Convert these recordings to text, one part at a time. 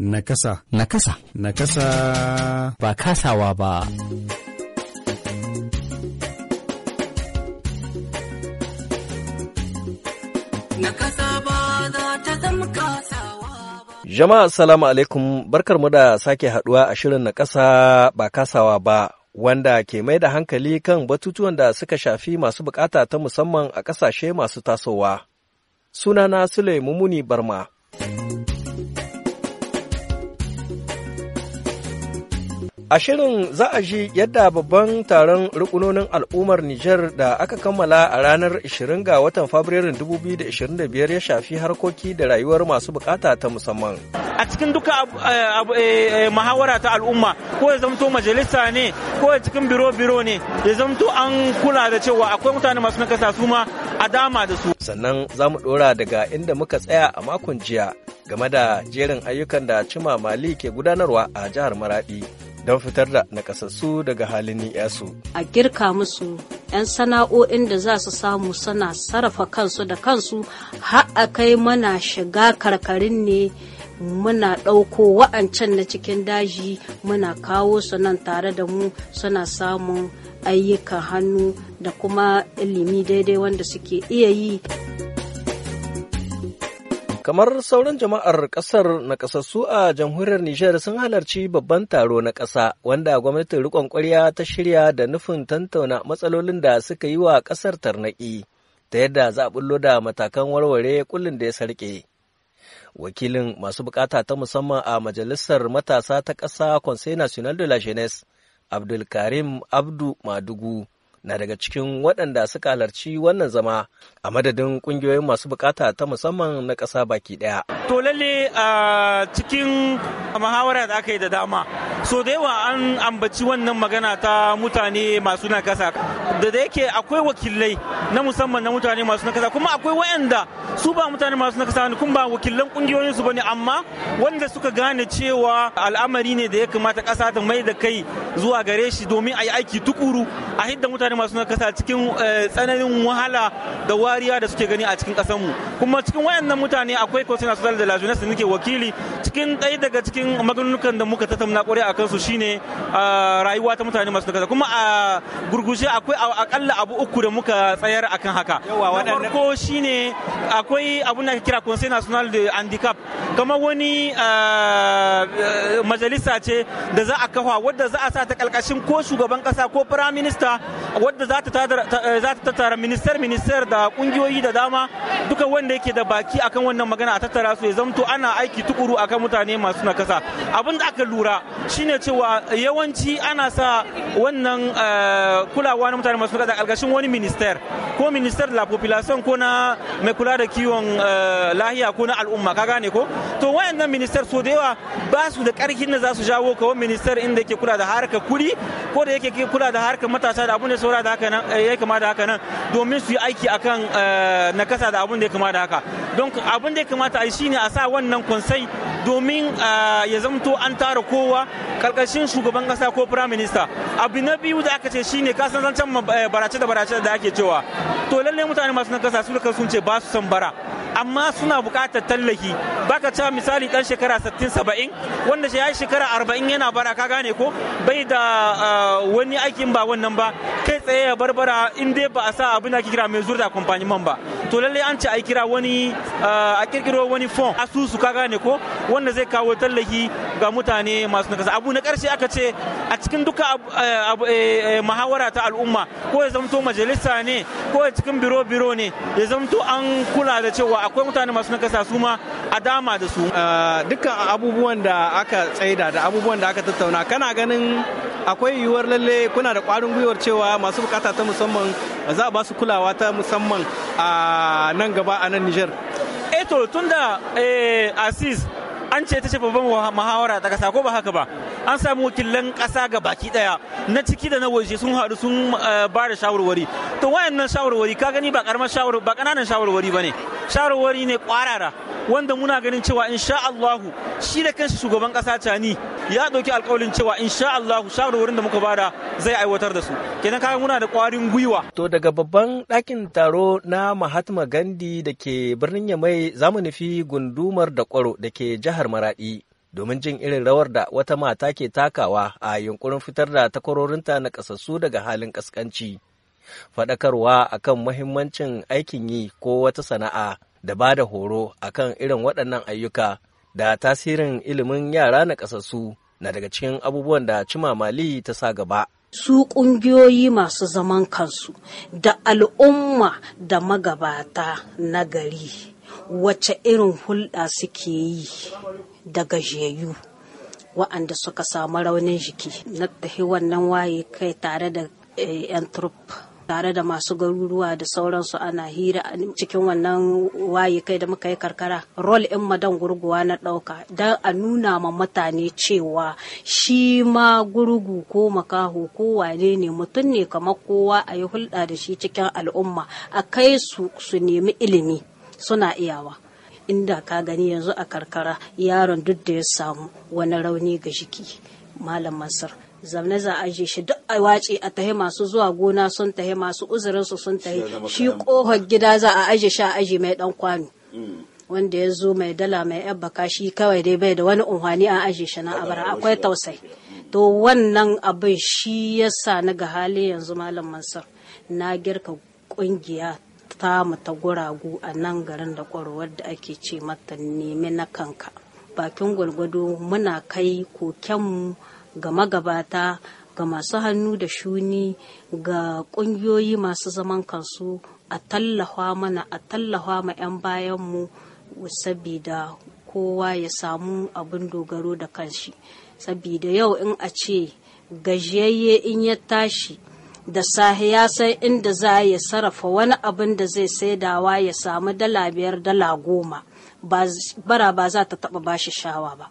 Nakasa. Nakasa. Nakasa. Ba kasawa ba. Nakasa ba za ta zama kasawa ba. Jama'a salamu alaikum barkar mu da sake haduwa a shirin na kasa ba kasawa ba. Wanda ke mai da hankali kan batutuwan da suka shafi masu bukata ta musamman a ƙasashe masu tasowa. Sunana Sule Mumuni Barma. A shirin za a ji yadda babban taron rukunonin al'ummar Nijar da aka kammala a ranar 20 ga watan Fabrairun 2025 ya shafi harkoki da rayuwar masu bukata ta musamman. A cikin duka eh, eh, eh, muhawara ta al'umma ko ya zamto majalisa ne ko ya cikin biro-biro ne ya zamto an kula da cewa akwai mutane masu nakasa su ma a dama da su. Sannan za mu ɗora daga inda muka tsaya a makon jiya game da jerin ayyukan da Cima Mali ke gudanarwa a jihar Maradi. don fitar da nakasassu daga halin ni'yasu. A girka musu 'yan sana'o'in da za su samu suna sarrafa kansu da kansu har kai mana shiga karkarin ne muna ɗauko wa'ancan na cikin daji muna kawo su nan tare da mu suna samun ayyukan hannu da kuma ilimi daidai wanda suke iya yi. kamar sauran jama'ar kasar na kasassu a jamhuriyar Nijar sun halarci babban taro na ƙasa wanda gwamnatin riƙon ƙwarya ta shirya da nufin tantauna matsalolin da suka yi wa ƙasar tarnaƙi ta yadda za a bullo da matakan warware kullum da ya sarƙe. Wakilin masu buƙata ta musamman a Majalisar Matasa ta ƙasa Conseil National de la Abdulkarim Abdu Madugu. na daga cikin waɗanda suka halarci wannan zama a madadin ƙungiyoyin masu bukata ta musamman na ƙasa baki ɗaya. To lalle a cikin muhawara da aka yi da dama. So da yawa an ambaci wannan magana ta mutane masu nakasa. Da da yake akwai wakilai na musamman na mutane masu nakasa kuma akwai waɗanda su ba mutane masu nakasa ne kuma ba wakilan ƙungiyoyin su bane amma wanda suka gane cewa al'amari ne da ya kamata ƙasa ta mai da kai zuwa gare shi domin a yi aiki tukuru a hidda mutane masu kasa cikin eh, tsananin wahala da wariya da suke gani a cikin mu kuma cikin wayannan mutane akwai kwasina social da lajuna su nake wakili cikin ɗaya daga cikin maganunukan da muka tattauna kwarai a kansu shine ah, rayuwa ta mutane masu kasa kuma a gurgushe akwai akalla abu uku da muka tsayar akan haka na farko shine akwai abun da kira conseil national de handicap kama wani ah, eh, majalisa ce da za a kafa wadda za a sa ta kalkashin ko shugaban kasa ko firayim minista wadda eh, za ta tattara minister minister da ƙungiyoyi da dama duka wanda yake da baki akan wannan magana a tattara su ya zamto ana aiki tukuru akan mutane masu nakasa abin da aka lura shine cewa yawanci ana sa wannan eh, kulawa na mutane masu nakasa kalkashin wani minister ko minister la population ko na mai kula da kiwon lahiya ko na al'umma ka gane ko to wayannan minister so da yawa ba su da karfin da za su jawo ka wani inda yake kula da harkar kuri ko da yake kula da harkar matasa da abun da saura da haka nan eh, ya kama da haka nan domin su yi aiki akan eh, nakasa da abun da ya kama da haka don abun da ya kamata a yi shine a sa wannan konsai domin eh, ya zamto an tara kowa karkashin shugaban kasa ko prime minister abu na biyu da aka ce shine kasan zancen barace da barace da ake cewa to lallai mutane masu nakasa su da sun ce ba su san bara amma suna buƙatar tallafi baka cewa misali dan shekara 60 70 wanda ya yi shekara 40 yana bara ka gane ko bai da ah, wani aikin ba wannan ba kai tsaye ya barbara in dai ba a sa abin da ake kira mai zurda kumfani man ba to lalle an ce a kira wani a kirkiro wani fon asusu ka gane ko wanda zai kawo tallafi ga mutane masu nakasa abu na karshe aka ce a cikin duka eh, eh, eh, muhawara ta al'umma ko ya zamto majalisa ne ko ya cikin biro biro ne ya zamto an kula da cewa akwai mutane masu nakasa su ma a dama da su dukkan abubuwan da aka tsaida da abubuwan da aka tattauna kana ganin akwai yiwuwar lalle kuna da kwarin gwiwar cewa masu bukata ta musamman za a ba su kulawa ta musamman a nan gaba a nan Nijar. Eto eh tunda eh, Asis an ce ta ce babban muhawara ta kasa ko ba haka ba an samu wakilan kasa ga baki ɗaya na ciki da na waje sun haɗu sun eh, ba da shawarwari to wayannan shawarwari ka gani ba karamar shawar ba kananan shawarwari bane shawarwari ne kwarara wanda muna ganin cewa insha Allahu shi da kanshi shugaban kasa cani ya ɗauki alƙawarin cewa insha Allahu shawarwarin da muka bada zai aiwatar da su kenan kaga muna da kwarin gwiwa to daga babban ɗakin taro na Mahatma Gandhi da ke birnin Yamai zamu nufi gundumar da kwaro da ke jihar Maradi domin jin irin rawar da wata mata ke takawa a yunkurin fitar da takwarorinta na kasassu daga halin ƙasƙanci, Faɗakarwa akan muhimmancin aikin yi ko wata sana'a da ba da horo akan irin waɗannan ayyuka da tasirin ilimin yara na kasassu na daga cikin abubuwan da Cimamali ta sa gaba. su ƙungiyoyi masu zaman kansu da al'umma da magabata na gari wace irin hulɗa suke yi da gajiyayyu wa'anda suka samu raunin jiki na tafi wannan waye kai tare da eh, 'yan trup tare da masu garuruwa da sauransu ana hira cikin wannan waye kai da muka yi karkara rol in madan gurguwa na ɗauka don a nuna ma mutane cewa shi ma gurgu ko makaho ko wane ne mutum ne kamar kowa a yi hulɗa da shi cikin al'umma a kai su su nemi ilimi suna iyawa inda ka gani yanzu a karkara yaron duk da ya samu wani rauni ga jiki malam masar zamne za a shi duk a wace a tahi masu zuwa gona sun tahi masu uzurin su sun tahi shi kohar gida za a aje sha aji mai dan kwano mm. wanda ya zo mai dala mai yabba shi kawai dai bai da wani unhwani a aje shi na abara akwai tausai mm. to wannan abin shi yasa na ga hali yanzu malam mansur na girka kungiya mu ta guragu a nan garin da kwarwar da ake ce mata nemi na kanka bakin gwalgwado muna kai kokenmu ga magabata ga masu hannu da shuni ga ƙungiyoyi masu zaman kansu a tallafa mana a tallafa ma 'yan bayanmu sabida kowa ya samu abin dogaro da kanshi sabida yau in a ce gajiyayye in ya tashi da sahi ya sai inda za ya sarrafa wani abin da zai saidawa ya samu dala biyar dala goma bara ba za ta taba bashi shawa ba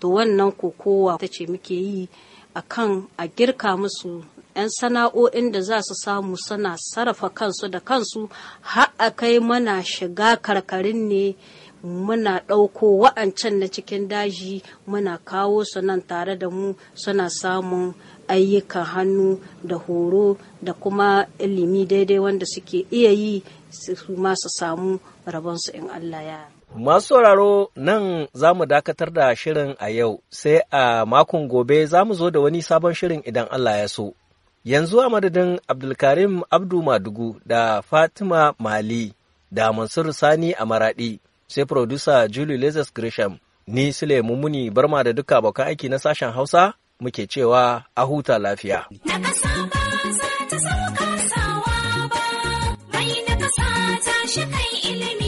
to wannan kokowa ta ce muke yi a kan a girka musu 'yan sana'o'in da za su samu suna sarrafa kansu da kansu har a kai mana shiga karkarin ne muna ɗauko wa'ancan na cikin daji muna kawo su nan tare da mu suna samun ayyukan hannu da horo da kuma ilimi daidai wanda suke iya yi su masu samu rabonsu in Allah ya. Masu sauraro nan za mu dakatar da shirin a yau sai a makon gobe za mu zo da wani sabon shirin idan Allah ya so. yanzu a madadin abdulkarim abdu madugu da fatima mali da mansur sani a maraɗi sai producer Julie Lazarus Grisham. Ni Sule Mumuni Barma da duka abokan aiki na sashen Hausa muke cewa a huta lafiya. ilimi.